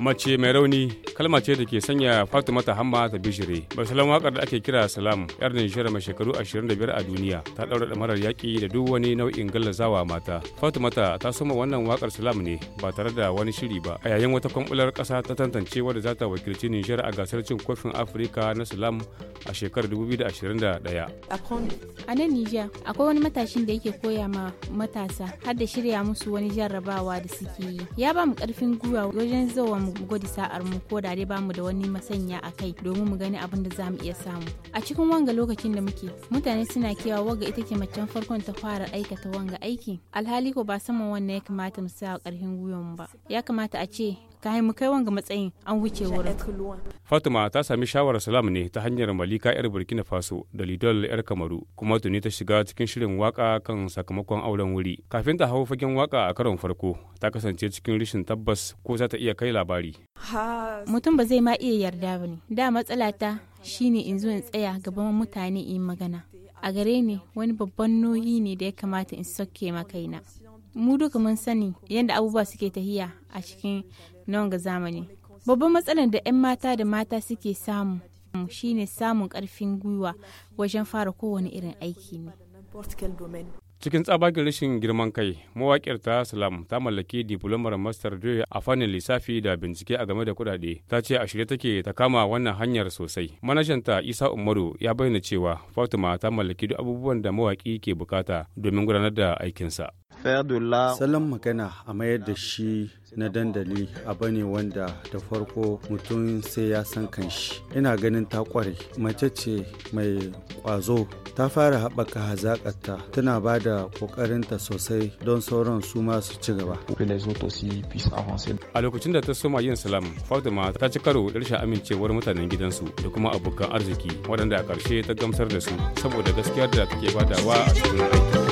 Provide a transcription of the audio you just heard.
mace mai rauni kalma ce da ke sanya Fatimata Hamma ta bishire. barcelona wakar da ake kira Salam, yar Nijar mai shekaru 25 a duniya, ta daura marar yaki da duk wani nau'in gallazawa mata. Fatimata ta soma wannan wakar Salam ne ba tare da wani shiri ba. A yayin wata kwambular ƙasa ta tantance wadda za ta wakilci Nijar a gasar cin kofin Afirka na Salam a shekarar 2021. A nan akwai wani matashin da yake koya ma matasa har da shirya musu wani jarrabawa da suke yi. Ya ba mu karfin gwiwa wajen zuwa mu gwada sa'ar mu ko da ba mu da wani masanya a kai domin mu gani abin da za mu iya samu a cikin wanga lokacin da muke mutane suna kewa waga ita ke macen farkon ta fara aikata wanga aiki alhali ko ba saman wannan ya kamata mu sa a ƙarfin gwiwan ba ya kamata a ce ka haimu kai wanga matsayin an wuce wurin fatima ta sami shawarar salam ne ta hanyar malika yar burkina faso da lidol yar kamaru kuma tuni ta shiga cikin shirin waka kan sakamakon auren wuri kafin ta hau fagen waka a karon farko ta kasance cikin rishin tabbas ko za ta iya kai labari mutum ba zai ma iya yarda ba ne da matsala ta shine in zo in tsaya gaban mutane in magana a gare ni wani babban nohi ne da ya kamata in sauke ma kaina. mu duka mun sani yadda abubuwa suke tahiya a cikin nan ga zamani babban matsalar da 'yan mata da mata suke samu shine samun karfin gwiwa wajen fara kowane irin aiki ne cikin tsabagen rashin girman kai mawakiyar ta salam ta mallaki diplomar master degree a fannin lissafi da bincike a game da kudade ta ce a shirye take ta kama wannan hanyar sosai manajanta isa umaru ya bayyana cewa fatima ta mallaki duk abubuwan da mawaki ke bukata domin gudanar da aikinsa salon magana a mayar da shi na dandali a bane wanda da farko mutum sai ya san kanshi ina ganin ta kware mace ce mai kwazo ta fara haɓaka hazaƙarta tana ba da ƙoƙarinta sosai don sauran su masu ci gaba a lokacin da ta soma yin salam fatima ta ci karo da rashin amincewar mutanen gidansu da kuma abokan arziki waɗanda a ƙarshe ta gamsar da su saboda gaskiyar da take badawa a cikin aiki